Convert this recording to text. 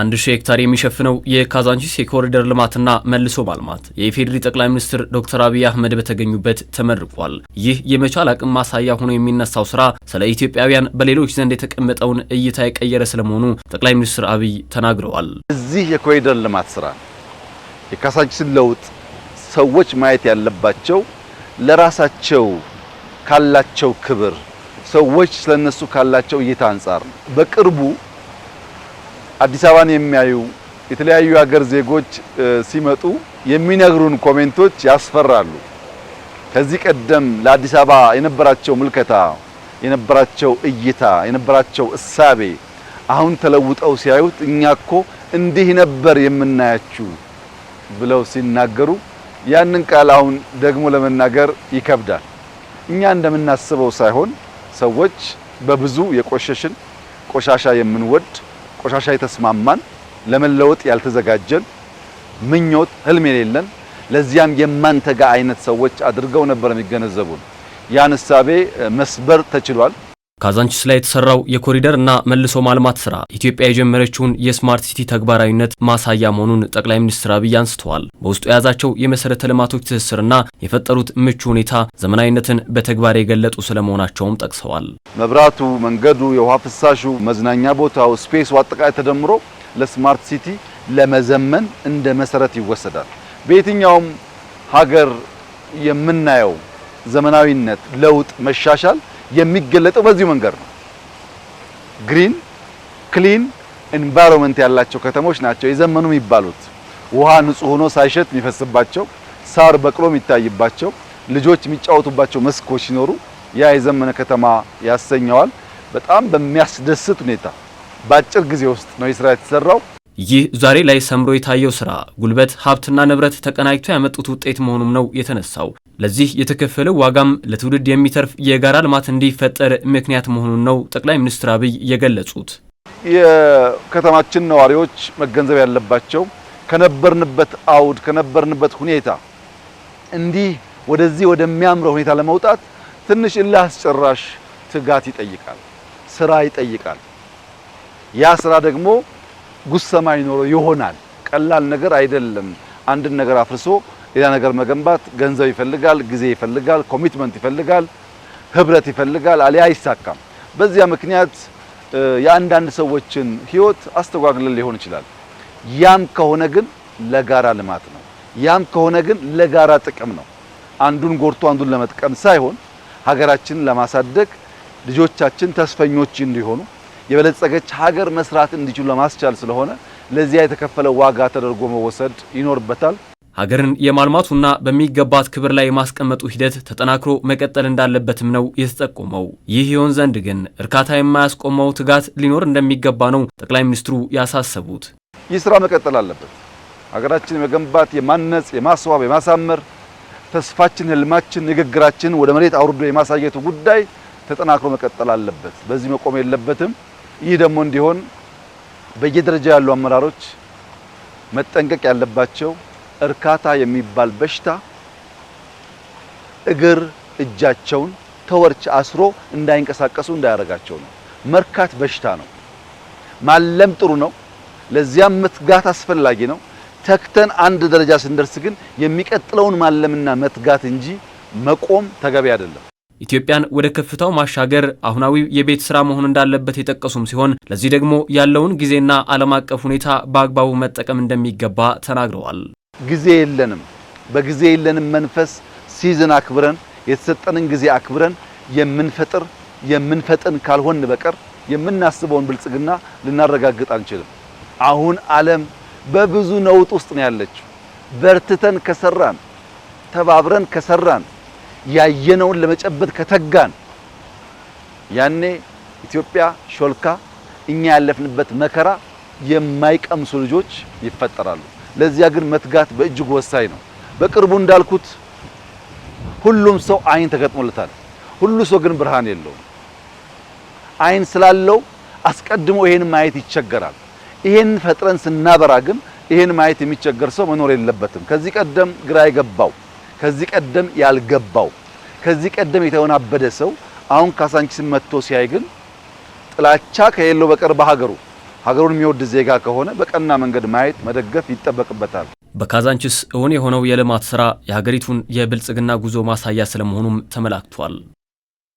አንድ ሺህ ሄክታር የሚሸፍነው የካዛንቺስ የኮሪደር ልማትና መልሶ ማልማት የኢፌዴሪ ጠቅላይ ሚኒስትር ዶክተር አብይ አህመድ በተገኙበት ተመርቋል። ይህ የመቻል አቅም ማሳያ ሆኖ የሚነሳው ስራ ስለ ኢትዮጵያውያን በሌሎች ዘንድ የተቀመጠውን እይታ የቀየረ ስለመሆኑ ጠቅላይ ሚኒስትር አብይ ተናግረዋል። እዚህ የኮሪደር ልማት ስራ የካዛንቺስን ለውጥ ሰዎች ማየት ያለባቸው ለራሳቸው ካላቸው ክብር፣ ሰዎች ስለነሱ ካላቸው እይታ አንጻር ነው። በቅርቡ አዲስ አበባን የሚያዩ የተለያዩ ሀገር ዜጎች ሲመጡ የሚነግሩን ኮሜንቶች ያስፈራሉ። ከዚህ ቀደም ለአዲስ አበባ የነበራቸው ምልከታ፣ የነበራቸው እይታ፣ የነበራቸው እሳቤ አሁን ተለውጠው ሲያዩት እኛ እኮ እንዲህ ነበር የምናያችሁ ብለው ሲናገሩ ያንን ቃል አሁን ደግሞ ለመናገር ይከብዳል። እኛ እንደምናስበው ሳይሆን ሰዎች በብዙ የቆሸሽን ቆሻሻ የምንወድ ቆሻሻ የተስማማን ለመለወጥ ያልተዘጋጀን ምኞት፣ ህልም የሌለን ለዚያም የማንተጋ አይነት ሰዎች አድርገው ነበር የሚገነዘቡን። ያን እሳቤ መስበር ተችሏል። ካዛንቺስ ላይ የተሰራው የኮሪደር እና መልሶ ማልማት ስራ ኢትዮጵያ የጀመረችውን የስማርት ሲቲ ተግባራዊነት ማሳያ መሆኑን ጠቅላይ ሚኒስትር አብይ አንስተዋል። በውስጡ የያዛቸው የመሰረተ ልማቶች ትስስርና የፈጠሩት ምቹ ሁኔታ ዘመናዊነትን በተግባር የገለጡ ስለመሆናቸውም ጠቅሰዋል። መብራቱ፣ መንገዱ፣ የውሃ ፍሳሹ፣ መዝናኛ ቦታው፣ ስፔሱ አጠቃላይ ተደምሮ ለስማርት ሲቲ ለመዘመን እንደ መሰረት ይወሰዳል። በየትኛውም ሀገር የምናየው ዘመናዊነት፣ ለውጥ፣ መሻሻል የሚገለጠው በዚሁ መንገድ ነው። ግሪን ክሊን ኢንቫይሮንመንት ያላቸው ከተሞች ናቸው የዘመኑ የሚባሉት። ውሃ ንጹህ ሆኖ ሳይሸት የሚፈስባቸው፣ ሳር በቅሎ የሚታይባቸው፣ ልጆች የሚጫወቱባቸው መስኮች ሲኖሩ ያ የዘመነ ከተማ ያሰኘዋል። በጣም በሚያስደስት ሁኔታ በአጭር ጊዜ ውስጥ ነው ይህ ስራ የተሰራው። ይህ ዛሬ ላይ ሰምሮ የታየው ስራ ጉልበት፣ ሀብትና ንብረት ተቀናጅቶ ያመጡት ውጤት መሆኑም ነው የተነሳው። ለዚህ የተከፈለው ዋጋም ለትውልድ የሚተርፍ የጋራ ልማት እንዲፈጠር ምክንያት መሆኑን ነው ጠቅላይ ሚኒስትር አብይ የገለጹት። የከተማችን ነዋሪዎች መገንዘብ ያለባቸው ከነበርንበት አውድ ከነበርንበት ሁኔታ እንዲህ ወደዚህ ወደሚያምረው ሁኔታ ለመውጣት ትንሽ እልህ አስጨራሽ ትጋት ይጠይቃል፣ ስራ ይጠይቃል። ያ ስራ ደግሞ ጉሰማ ይኖረው ይሆናል። ቀላል ነገር አይደለም። አንድን ነገር አፍርሶ ሌላ ነገር መገንባት ገንዘብ ይፈልጋል፣ ጊዜ ይፈልጋል፣ ኮሚትመንት ይፈልጋል፣ ህብረት ይፈልጋል። አሊያ አይሳካም። በዚያ ምክንያት የአንዳንድ ሰዎችን ህይወት አስተጓግለ ሊሆን ይችላል። ያም ከሆነ ግን ለጋራ ልማት ነው። ያም ከሆነ ግን ለጋራ ጥቅም ነው። አንዱን ጎርቶ አንዱን ለመጥቀም ሳይሆን ሀገራችንን ለማሳደግ ልጆቻችን ተስፈኞች እንዲሆኑ የበለጸገች ሀገር መስራት እንዲችሉ ለማስቻል ስለሆነ ለዚያ የተከፈለ ዋጋ ተደርጎ መወሰድ ይኖርበታል። ሀገርን የማልማቱና በሚገባት ክብር ላይ የማስቀመጡ ሂደት ተጠናክሮ መቀጠል እንዳለበትም ነው የተጠቆመው። ይህ ይሆን ዘንድ ግን እርካታ የማያስቆመው ትጋት ሊኖር እንደሚገባ ነው ጠቅላይ ሚኒስትሩ ያሳሰቡት። ይህ ስራ መቀጠል አለበት። ሀገራችን የመገንባት የማነጽ፣ የማስዋብ፣ የማሳመር ተስፋችን፣ ህልማችን፣ ንግግራችን ወደ መሬት አውርዶ የማሳየቱ ጉዳይ ተጠናክሮ መቀጠል አለበት። በዚህ መቆም የለበትም። ይህ ደግሞ እንዲሆን በየደረጃ ያሉ አመራሮች መጠንቀቅ ያለባቸው እርካታ የሚባል በሽታ እግር እጃቸውን ተወርች አስሮ እንዳይንቀሳቀሱ እንዳያደርጋቸው ነው። መርካት በሽታ ነው። ማለም ጥሩ ነው። ለዚያም መትጋት አስፈላጊ ነው። ተክተን አንድ ደረጃ ስንደርስ ግን የሚቀጥለውን ማለምና መትጋት እንጂ መቆም ተገቢ አይደለም። ኢትዮጵያን ወደ ከፍታው ማሻገር አሁናዊ የቤት ስራ መሆን እንዳለበት የጠቀሱም ሲሆን ለዚህ ደግሞ ያለውን ጊዜና ዓለም አቀፍ ሁኔታ በአግባቡ መጠቀም እንደሚገባ ተናግረዋል። ጊዜ የለንም። በጊዜ የለንም መንፈስ ሲዝን አክብረን የተሰጠንን ጊዜ አክብረን የምንፈጥር የምንፈጥን ካልሆን በቀር የምናስበውን ብልጽግና ልናረጋግጥ አንችልም። አሁን ዓለም በብዙ ነውጥ ውስጥ ነው ያለችው። በርትተን ከሰራን ተባብረን ከሰራን ያየነውን ለመጨበጥ ከተጋን ያኔ ኢትዮጵያ ሾልካ እኛ ያለፍንበት መከራ የማይቀምሱ ልጆች ይፈጠራሉ። ለዚያ ግን መትጋት በእጅጉ ወሳኝ ነው። በቅርቡ እንዳልኩት ሁሉም ሰው አይን ተገጥሞለታል። ሁሉ ሰው ግን ብርሃን የለውም። አይን ስላለው አስቀድሞ ይሄን ማየት ይቸገራል። ይሄን ፈጥረን ስናበራ ግን ይሄን ማየት የሚቸገር ሰው መኖር የለበትም። ከዚህ ቀደም ግራ የገባው ከዚህ ቀደም ያልገባው ከዚህ ቀደም የተወናበደ ሰው አሁን ካዛንቺስን መጥቶ ሲያይ ግን ጥላቻ ከሌለው በቀር በሀገሩ ሀገሩን የሚወድ ዜጋ ከሆነ በቀና መንገድ ማየት መደገፍ ይጠበቅበታል። በካዛንቺስ እውን የሆነው የልማት ስራ የሀገሪቱን የብልጽግና ጉዞ ማሳያ ስለመሆኑም ተመላክቷል።